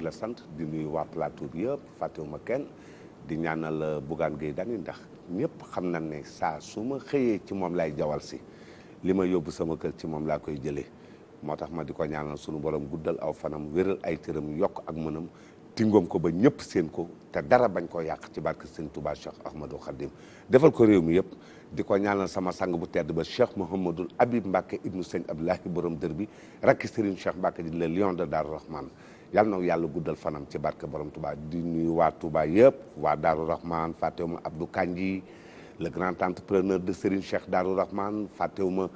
la sant di nuyu waa plateau bi yëpp fàttewuma kenn di ñaanal euh, Bougane Gueye Dany ndax ñëpp xam na ne saa su ma xëyee ci moom lay jawal si li ma yóbbu sama kër ci moom laa koy jëlee moo tax ma di ko ñaanal sunu borom guddal aw fanam wéral ay cëram yokk ak mënam tingoom ko ba ñëpp seen ko te dara bañ koo yàq ci barke sëñ Touba Cheikh Ahmadou Khadim defal ko réew mi yëpp di ko ñaanal sama sang bu tedd ba Cheikh Mouhamadul Habib Mbacke ibnu sëñ Abdoulahi borom dër bi rakki Serigne Cheikh Mbacke di le lion de Dar Rahman yàlla na yàlla guddal fanam ci barke borom Touba di nuyu waa Touba yëpp waa Darou Rahman fàttewuma Abdou Kandji le grand entrepreneur de Serigne Cheikh Darou Rahman fàttewuma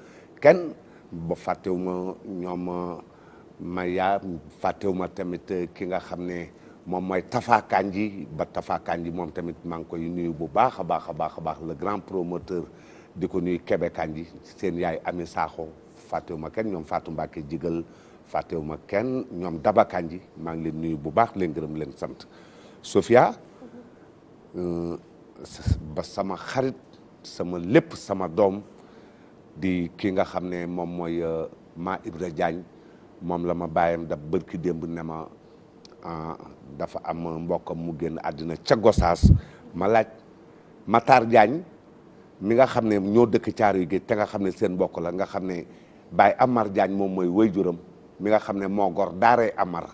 kenn ba fàttewuma ñoom uh, Maya fàttewuma tamit uh, ki nga xam ne moom mooy Tafa Kandji ba Tafa Kandji moom tamit maa ngi koy nuyu bu baax a baax a baax a baax le grand promoteur di ko nuyu Kébé Kandji seen yaay Ami Sakho fàttewuma kenn ñoom Fatou Mbacke jigal ma kenn ñoom Daba Kandji maa ngi leen nuyu bu baax leen gërëm leen sant Sofia euh, ba sama xarit sama lépp sama doom di kii nga xam ne moom mooy euh, Ma Ibra Diagne moom la ma bàyyam da bërki démb ne ma ah, dafa am mbokkam mu génn àddina ca Gosaas ma laaj Matar jaañ mi nga xam ne ñoo dëkk caari yu te nga xam ne seen mbokk la nga xam ne Baye Amar Diagne moom mooy juram mi nga xam ne moo gor daaree amar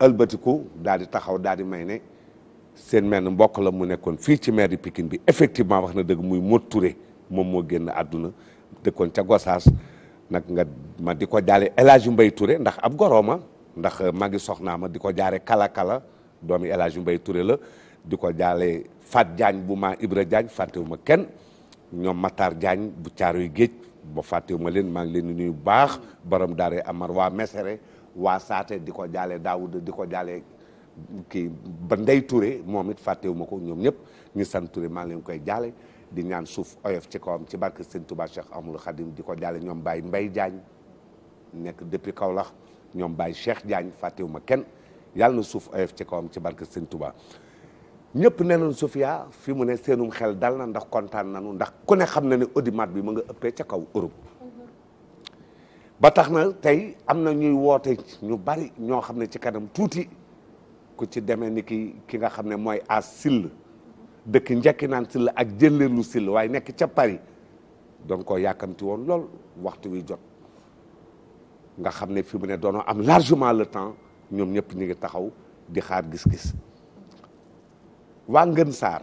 ëlbatiku daal di taxaw daal di may ne seen menn mbokk la mu nekkoon fii ci maire Pikine bi effectivement wax na dëgg muy Modou Touré moom moo génn àdduna dëkkoon ca Gossas nag nga ma di ko jaale El Hadj Mbaye Touré ndax ab gorooma ndax maa soxnaa ma di ko jaare kala kala doomi El Hadj la di ko jaale faat jaañ bu maa Ibra Diagne fàttewuma kenn ñoom mataar Diagne bu Caaroy Géej ba fàttewuma leen maa ngi leen di nuyu baax borom daare amar waa mesere waa saate di ko jaale daawuda di ko jaale kii ba ndey Touré moom it fàttewuma ko ñoom ñëpp ñu sant Touré maa ngi leen koy jaale di ñaan suuf oyof ci kawam ci barke Sëñ Touba Cheikh Amadou Khadim di ko jaale ñoom Baye Mbaye jaañ nekk depuis kawlax ñoom Baye Cheikh Diagne fàttewuma kenn yàlla na suuf oyof ci kawam ci barke Sëñ Touba ñëpp ne nañ Sofia fi mu ne seenum xel dal na ndax kontaan nañu ndax ku ne xam na ne audimat bi mu nga ëppee ca kaw Europe ba tax na tey am na ñuy woote ñu bari ñoo xam ne ci kanam tuuti ku ci demee ni ki ki nga xam ne mooy as sill dëkk njekki naan sill ak jëlleelu sil waaye nekk ca Paris doon koo yàkkamti woon lool waxtu wi jot nga xam ne fi mu ne doonoo am largement le temps ñoom ñëpp ñu ngi taxaw di xaar gis-gis waa Ngën Saar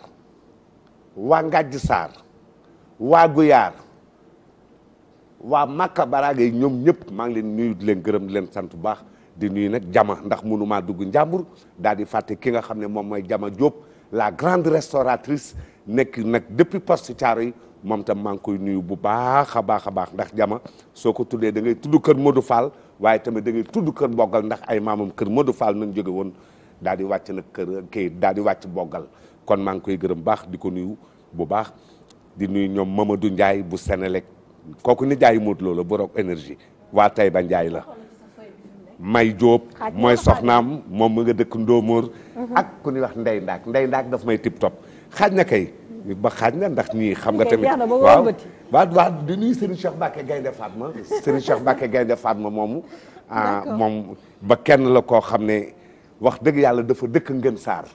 waa Ngàjj Saar waa Guyaar waa Màkka Baraga yi ñoom ñëpp maa ngi leen nuyu di leen gërëm leen sant bu baax di nuyu nag jama ndax mënumaa dugg njàmbur daal di fàtte ki nga xam ne moom mooy Jama Diop la grande restauratrice nekk nag depuis poste Thiaroye yi moom tam maa ngi koy nuyu bu baax a baax a baax ndax jama soo ko tuddee da ngay tudd kër Modou Fall waaye tamit da ngay tudd kër Mbogal ndax ay maamam kër Modou Fall nañ jóge woon daal di wàcc la kër kii daal wàcc boggal kon maa ngi koy gërëm baax di ko nuyu bu baax di nuyu ñoom Mamadou njaay bu Sénélec kooku ni jaayi muut loola borom énergie waa tey ba njaay la May Diop mooy soxnaam moom mu nga dëkk Ndóomóor mhm. ak ku ñuy wax Ndey Ndaak Ndey Ndaak daf may tip top xaaj na kay ba xaaj na ndax ñii xam nga tamit waaw waaw waaw di nuyu Serigne Cheikh Mbacke Gaynde Fatma moomu ah ba kenn la koo xam ne wax dëgg yàlla dafa dëkk Ngën Saar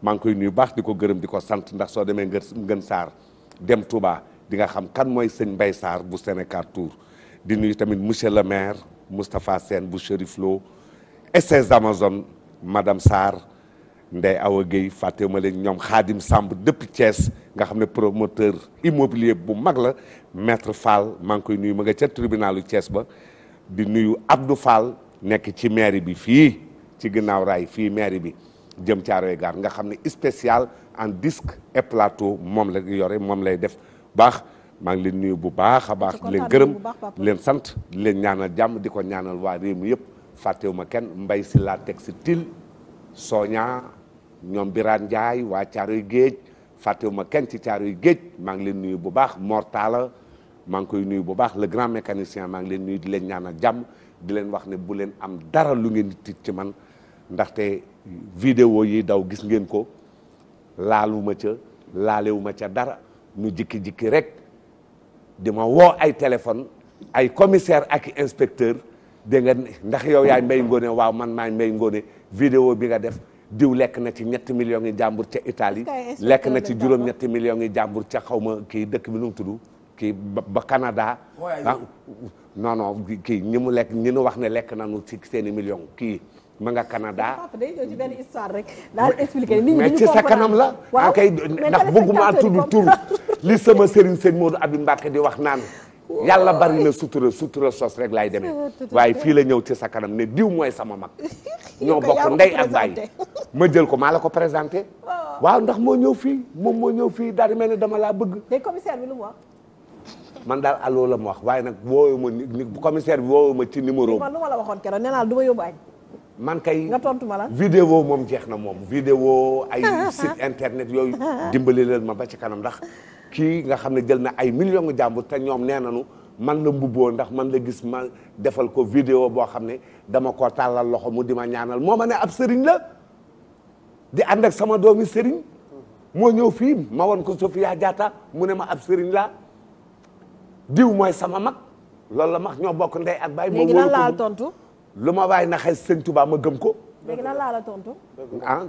maa ngi koy nuyu baax di ko gërëm di ko sant ndax soo demee ngeen Saar dem Touba di nga xam kan mooy seen mbay saar bu Sénégal Tour di nuyu tamit monsieur le maire Moustapha seen bu Chérif Lo et ses Amazones madame Sarr Ndeye Awa Guèye fàttewu ma leen ñoom xaadim Samb depuis Thiès nga xam ne promoteur immobilier bu mag la maître Fall maa ngi koy nuyu ma nga ca tribunalu cees ba di nuyu Abdou Fall nekk ci mairie bi fii ci ginnaaw raay fii mairie bi jëm Caaroy Gaar nga xam ne spécial en disque et plateau moom la yore moom lay def baax maa ngi leen nuyu bu baax a baax di leen gërëm leen sant di leen ñaanal jàmm di ko ñaanal waa réew mi yëpp fàttewuma kenn mbay si laa la textile soña ñoom Birane Ndiaye waa Caaroy Géej fàttewuma kenn ci Caaroy Géej maa ngi leen nuyu bu baax Mor maa ngi koy nuyu bu baax le grand mécanicien maa ngi leen nuyu di leen ñaanal jàmm di leen wax ne bu leen am dara lu ngeen tiit ci man ndaxte vidéo yi daw gis ngeen ko laaluma ca laalewuma ca dara ñu jikki-jikki rek di ma woo ay téléphone ay commissaire ak inspecteur dégg nga ndax yow yaay Mbaye Ngoné waaw man maay Mbaye Ngoné vidéo bi nga def diw lekk na ci ñetti millions yi jàmbur ca Italie lekk na ci juróom ñetti millions yi jàmbur ca xaw ma kii dëkk bi nu mu kii ba Canada. Ah, non non kii ñi mu lekk ngi nu wax ne lekk nañu ci seen million millions kii. ma nga Canada day ci benn sa kanam la. waaw ah, kay ndax bëgguma tudd tur li sama sëriñ sëñ Modou Abib Mbacke di wax naan. yàlla bari na sutura sutura sos rek laay demee. waaye fii la ñëw ci sa kanam ne diw mooy sama mag. ñoo bokk ndey a baay ma jël ko maa la ko présenté. waaw ndax moo ñëw fii moom moo ñëw fii daal di mel ne dama bëgg. man daal allo la ma wax waaye nag woowu ma ni commissaire bi woowu ma ci numéro bi. lu ma la waxoon naa du ma yóbbu añ. man kay nga tontu la. vidéo moom jeex na moom. vidéo ay site internet yooyu. dimbali leen ma ba ci kanam ndax kii nga xam ne jël na ay millions nga jàmbur te ñoom nee nañu man la mbubboo ndax man la gis ma defal ko vidéo boo xam ne dama koo tàllal loxo mu di ma ñaanal moo ma ne ab sëriñ la di ànd sama doomi sëriñ moo ñëw fii ma won ko Sofia Diatta mu ne ma ab sëriñ la diw mooy sama mag loolu la max ñoo bokk ndey ak baay. léegi lan laa tontu lu ma waay naxee sëñ baa ma gëm ko. léegi lan laa la tontu. ah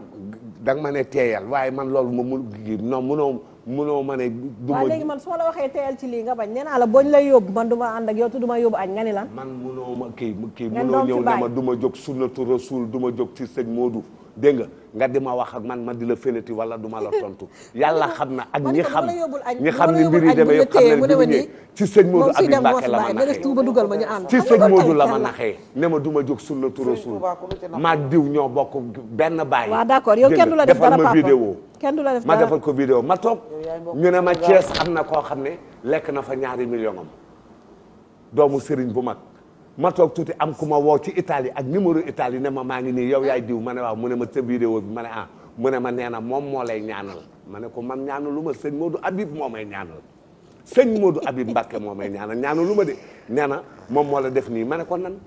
danga ma ne teeyal waaye man loolu ma mun kii non munoo munoo ma ne. du ma man su ma la waxee teeyal ci lii nga bañ nee la boñ lay yóbbu man du ànd ak yow te du ma yóbbu añ nga lan. man munoo ma kii kii munoo ñëw ne ma du ma jóg sunnatu rasul duma ma jóg ci sëñ moodu dégg nga. nga di ma wax ak man ma di la fëlati wala duma ma la tontu yàlla xam na ak ñi xam ñi xam ni mbir yi demee yëpp xam ne bi ñëwee ci sëñ Modou Habib Mbacké la ma naxee ci sëñ Modou la ma naxee ne ma du ma jóg sunna turo suul maag diw ñoo bokk benn bàyyi waaw d'accord yow kenn du la def dara ma vidéo kenn ma defal ko vidéo ma toog ñu ne ma Thiès am na koo xam ne lekk na fa ñaari million am doomu sëriñ bu mag ma toog tuuti am ku ma woo ci Italie ak numéro Italie ne ma maa ngi nii yow yaay diw ma ne waaw mu ne ma sa vidéo bi ma ne ah mu ma nee na moom moo lay ñaanal ma ne ko man ñaanalu ma sëñ Modou Habib moo may ñaanal sëñ Modou Habib Mbacke moo may ñaanal ñaanalu ma de nee na moom moo la def nii ma ne ko nan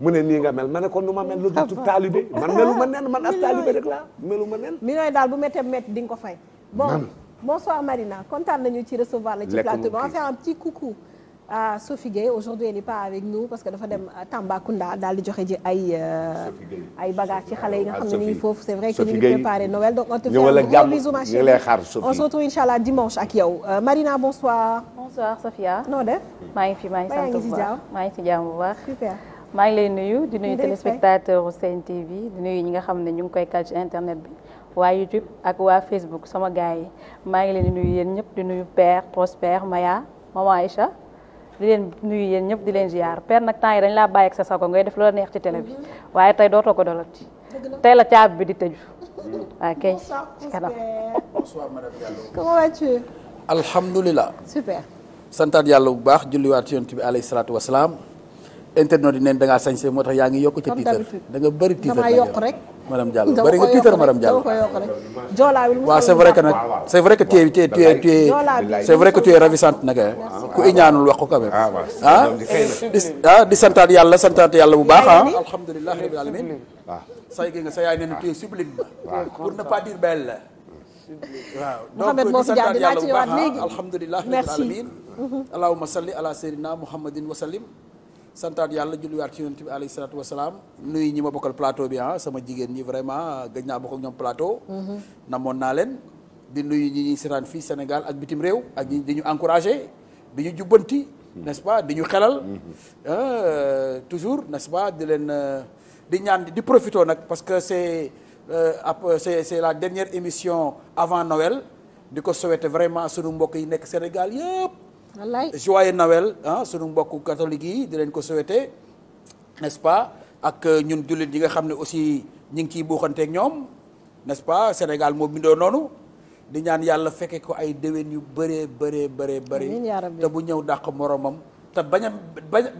mu ne nii nga mel ma ne ko nu ma mel lu dul taalibe man melu ma nen man ab taalibe rek laa melu ma nen million daal bu méttee métti di nga ko fay bon bonsoir Marina kontaan nañu ci recevoir la ci plateau bi ma fait un petit coucou ah Sophie Gueye aujourd'hui elle n'est pas avec nous parce que dafa dem euh, Tambacounda daal di joxe ji ay. Euh, ay bagages ci xale yi nga ah, xam ne nii foofu c'est vrai que ñu ngi préparé Noël donc on te fait un se retrouve incha allah dimanche ak yow Marina bonsoir. bonsoir Sophia. noo def. maa ngi fi maa ngi sant maa ngi si jàmm bu maa ngi lay nuyu di nuyu téléspectateur Sen TV di nuyu ñi nga xam ne ñu ngi koy kàl ci internet bi. waa YouTube ak waa Facebook sama gars yi maa ngi leen di nuyu yéen ñëpp di nuyu Père Prosper Maya maman cha di leen nuyu ñëpp di leen ziar père nag temps yi dañ laa bàyyi ak sa sago ngay def loola neex ci télé bi mhm. waaye tey dootoo ko dolati tey la caabi bi di tëju waaw mhm. kay ci kanam bonsoir madame Diallo comment vas-tu alhamdulilah super santaat yàlla bu baax julliwaat ci yonent bi alayhi salaatu wasalaam internet yi neen da ngaa sañse moo tax yaa ngi yokk ca tiitar da nga bëri tiitar yokk rek madame Diallo bëri nga tiitar madame Diallo joolaa waaw c'est vrai que c'est vrai que c'est vrai que ku iñaanul wax ko ah, ah? Ah, di santaat yàlla santaat yàlla bu baax ah alhamdulilah rabbil alamin waaw say gi nga sa yaay nee na tu es sublime pour ne pas dire belle waaw Mouhamed moo alamin mhm. allahumma salli ala sayyidina muhammadin wa santaat yàlla julliwaat ci yonent bi alayhi salaatu wasalaam nuyu ñi ma bokkal plateau bi ah, sama jigéen ñi vraiment gëj naa bokk ak ñoom plateau mhm. namoon naa leen di nuyu ñi ñuy seetaan fii Sénégal ak bitim réew ak ñi di ñu encouragé di ñu jubbanti mhm. n'est-ce di ñu xelal mhm. ah, toujours n'est-ce pas di leen di ñaan di profito nag parce que c'est euh, c'est la dernière émission avant Noël di ko souhaiter vraiment sunu mbokk yi nekk Sénégal yëpp wallaay joyeux Noël ah sunu mbokku catholique yi di leen ko souhaité n'est-ce pas ak euh, ñun jullit yi nga xam ne aussi ñu ngi ciy buuxanteeg ñoom n'est-ce pas Sénégal moo bindoo noonu di ñaan yàlla fekke ko ay déwén yu bëree bëree bëree bëri te bu ñëw dàq moromam te bañ a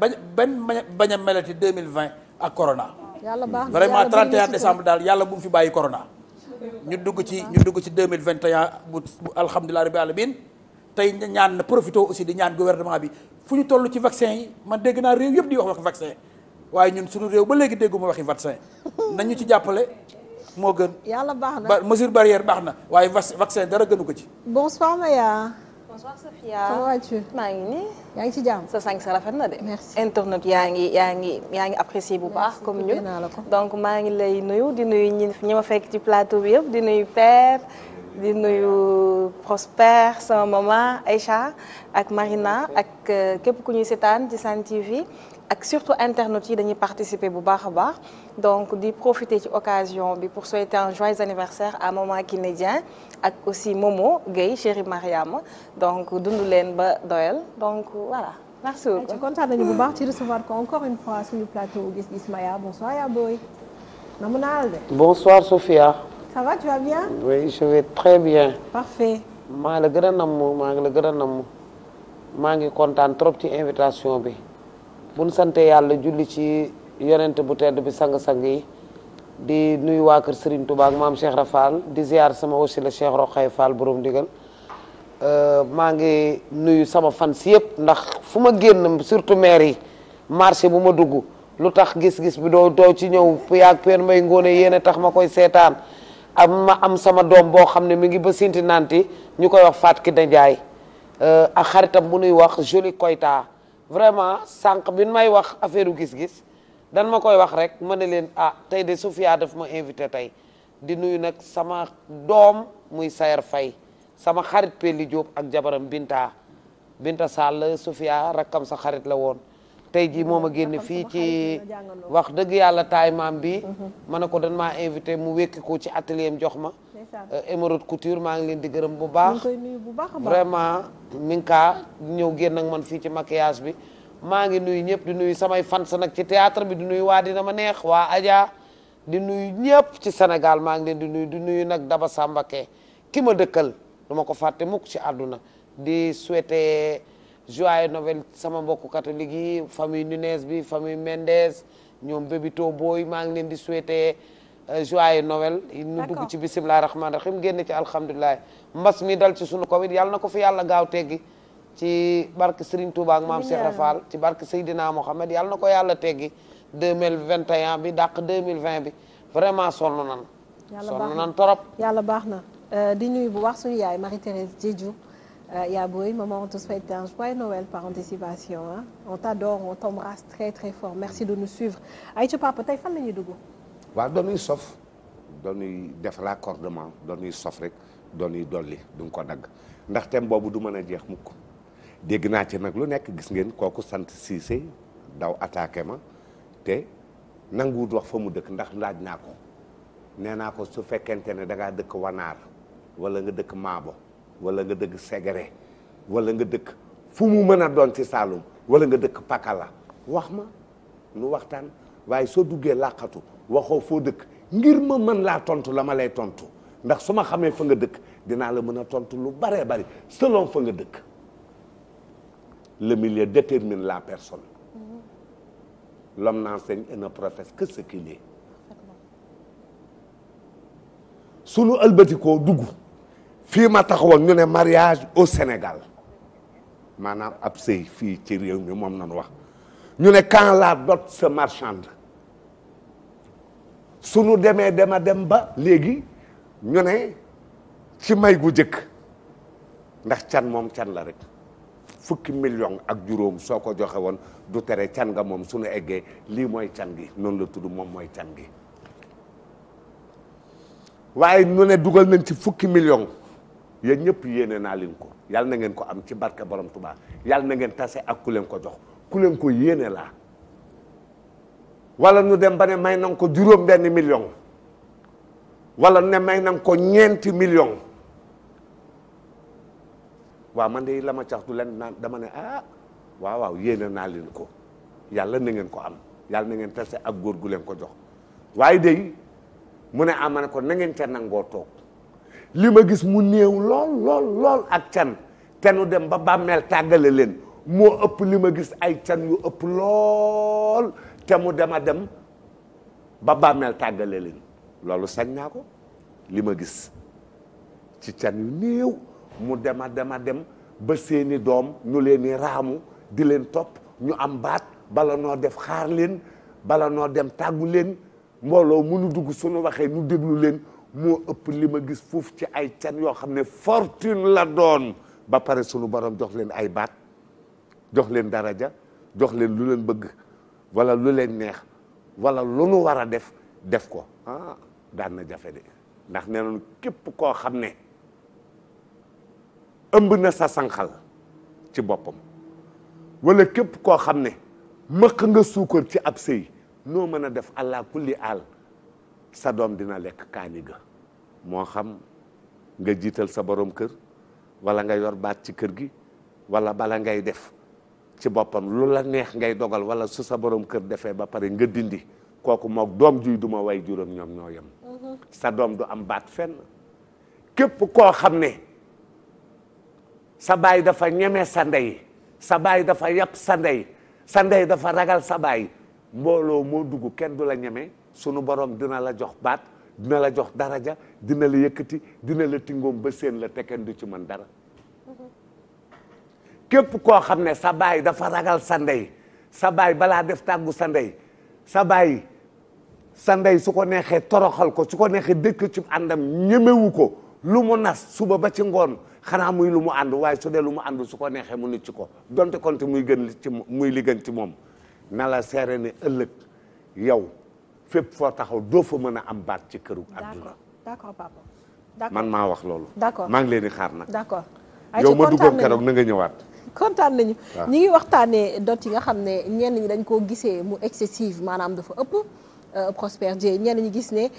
bañ bañ bañ a melati 2020 ak corona yàlla baax na vraiment 31 décembre daal yàlla bu mu fi bàyyi corona ñu dugg ci ñu dugg ci 2021 bu alhamdulilah rabbi alamin tey ñaan na profité aussi di ñaan gouvernement bi fu ñu toll ci vaccin yi man dégg naa réew yëpp di wax wax vaccin waaye ñun suñu réew ba léegi dégguma waxi vaccin nañu ci jàppale moo gën. yàlla baax na mesure barrière baax na waaye vaccin dara gënu ko ci. bonsoir Maya. bonsoir Sophia comment vas-tu maa ngi nii. yaa ngi ci jàmm sa sang sa rafet na de. merci internet yaa ngi yaa ngi yaa ngi apprécié bu baax. comme ñun donc maa ngi lay nuyu di nuyu ñi ma fekk ci plateau bi yëpp di nuyu Père. di nuyu Prosper sama maman Aïcha ak Marina ak euh, képp ku ñuy seetaan ci Sen TV ak surtout internautes yi dañuy participer bu baax a baax donc di profiter ci occasion bi pour souhaiter un joyeux anniversaire à maman Kiné Dieng ak aussi Momo Gueye chérie Mariama donc dund leen ba doyal donc voilà merci beaucoup. kontaan nañu bu baax ci recevoir ko encore une fois suñu ça va tu vas bien. maa la gën a namm maa ngi la gën a namm maa ngi kontaan trop ci invitation bi bu nu sante yàlla julli ci yonent bu tedd bi sang-sang yi di nuyu waa kër Serigne Touba ak maam Cheikh Rafal di ziar sama wasila Cheikh Roqay Fall borom digal euh, maa ngi nuyu sama fan si yëpp ndax fu ma génn surtout maire yi marché bu ma dugg lu tax gis-gis bi doo doo ci ñëw yaag peen may ngóone yéen a tax ma koy seetaan. am ma am sama doom boo xam ne mi ngi ba sinti nanti ñu koy wax Fatou Kine Ndiaye euh, ak xaritam mu nuy wax Joli Koyta vraiment sànq bi nu may wax affaire gis-gis dan ma koy wax rek ma ne leen ah tey de Sofia daf ma invité tey di nuyu nag sama doom muy Sayer Faye sama xarit Pelli Diop ak jabaram Binta Binta Sall Sofia rakkam sa xarit la woon tey jii moom a génne fii ci wax dëgg yàlla taay maam bi mm-hmm. ma ne ko dan maa invité mu wékki ko ci atelier am jox ma émeraude euh, culture maa ngi leen di gërëm bu baax vraiment mi ñëw génn ak man fii ci maquillage bi maa ngi nuyu ñëpp di nuyu samay fans nag ci théâtre bi di nuyu waa dina ma neex waa Adja di nuyu ñëpp ci senegal maa ngi leen di nuyu di nuyu nag Daba Sambake ki ma dëkkal duma ko fàtte mukk ci àdduna di souhaiter joyeux Noël sama mbokku catholique yi famille Nunez bi famille Mendez ñoom bébito booy maa ngi leen di souhaiter euh, joyeux Noël ñu dugg ci bisimilah rahmaani rahim génn ci alhamdulilah mbas mi dal ci sunu Covid yàlla na ko fi yàlla gaaw teggi ci barke Serigne Touba maam Cheikh Rafal ci barke Seydina Mohamed yàlla na ko yàlla teggi deux mille vingt bi dàq deux mille vingt bi vraiment sonn nan. yàlla baax na nan trop. Euh, di nuyu bu baax suñu yaay Euh, Yaboui, maman, on te souhaite un joyeux Noël par anticipation. Hein? On t'adore, on t'embrasse très très fort. Merci de nous suivre. Aïcha Papa tey fan la ñuy dugg. waaw doonuy sof doonuy def raccordement doonuy sof rek doonuy dolli duñ ko dagg ndax thème boobu du mën a jeex mukk dégg naa ci nag lu nekk gis ngeen kooku sant Cissé daw attaqué ma te nanguwut wax fa mu dëkk ndax laaj naa ko nee naa ko su fekkente ne da ngaa dëkk wanaar wala nga dëkk maabo wala nga dëkk Ségéré walla nga dëkk fu mu mën a doon ci Saalum wala nga dëkk Pakala wax ma nu waxtaan waaye soo duggee làqatu waxoo foo dëkk ngir ma mën laa tontu la ma lay tontu ndax su ma xamee fa nga dëkk dinaa la mën a tontu lu baree bari selon fa nga dëkk le milieu détermine la personne mm-hmm. l'homme n'enseigne et ne professe que ce qu'il est sunu ëlbatikoo dugg fii ma taxawoon ñu ne mariage au Sénégal maanaam ab sëy fii ci réew mi moom nañu wax ñu ne quand la dot se marchande suñu demee dema dem ba léegi ñu ne ci may gu jëkk ndax can moom can la rek fukki million ak juróom soo ko joxe woon du tere can nga moom suñu eggee lii mooy can gi noonu la tudd moom mooy can gi waaye ñu ne dugal nañ ci fukki million yéen ñëpp yéene naa leen ko yàlla na ngeen ko am ci barke borom Tuubaa yàlla na ngeen tase ak ku leen ko jox ku leen ko yéene laa wala nu dem ba ne may na ko juróom benn million wala ne may na ko ti million waaw man de la ma cax du leen naan dama ne ah waaw waaw yéene naa leen ko yàlla na ngeen ko am yàlla na ngeen tase ak góor gu leen ko jox waaye de mu ne ah ma ne ko na ngeen ca nangoo toog. li ma gis mu néew lool lool lool ak can te nu dem ba bàmmeel tàggale leen moo ëpp li ma gis ay can yu ëpp lool te mu dem a dem ba bàmmeel tàggale leen loolu sañ naa ko li ma gis ci can yu néew mu dem a dem a dem ba seeni doom ñu leen di raamu di leen topp ñu am baat bala noo def xaar leen bala noo dem tàggu leen mbooloo mënu dugg suñu waxee nu déglu leen moo ëpp li ma gis foofu ci ay can yoo xam ne fortune la doon ba pare sunu boroom jox leen ay baat jox leen daraja jox leen lu leen bëgg walla lu leen neex walla lu nu war a def def ko ah daan na jafe de ndax nee nañu képp koo xam ne ëmb na sa sànqal ci boppam wala képp koo xam ne mëq nga suukar ci ab sëy noo mën a def allah kulli aal sa doom dina lekk kaani ga moo xam nga jiital sa borom kër walla nga yor baat ci kër gi walla bala ngay def ci boppam lu la neex ngay dogal wala su sa borom kër defee ba pare nga dindi kooku moog doom juy duma way juróom ñoom ñoo yem mm-hmm. sa doom du am baat fenn képp koo xam ne sa baay dafa ñeme sa ndey sa baay dafa yàpp sa ndey sa ndey dafa ragal sa baay mbooloo moo dugg kenn du la ñeme sunu borom dina la jox baat dina la jox daraja dina la yëkkati dina la tingoom ba seen la te du ci mën dara képp koo xam ne sa baay dafa ragal sa ndey sa baay balaa def tàggu sa ndey sa baay sa ndey su ko neexee toroxal ko su ko neexee dëkk ci àndam ñemewu ko lu mu nas suba ba ci ngoon xanaa muy lu mu ànd waaye su dee lu mu ànd su ko neexee mu nit ci ko donte konte muy gën muy li gën ci moom na la seere ne ëllëg yow fépp foo taxaw doo fa mën a am baat ci këru àdduna d'accord papa man maa wax loolu d'accord maa ngi leen di xaar nag d'accord yow ma duggoon keroog na nga ñëwaat kontaan nañu ñi ngi waxtaanee dot yi nga xam ne ñenn ñi dañ koo gisee mu excessive maanaam dafa ëpp euh, Prospère Dieng ñenn ñi gis ne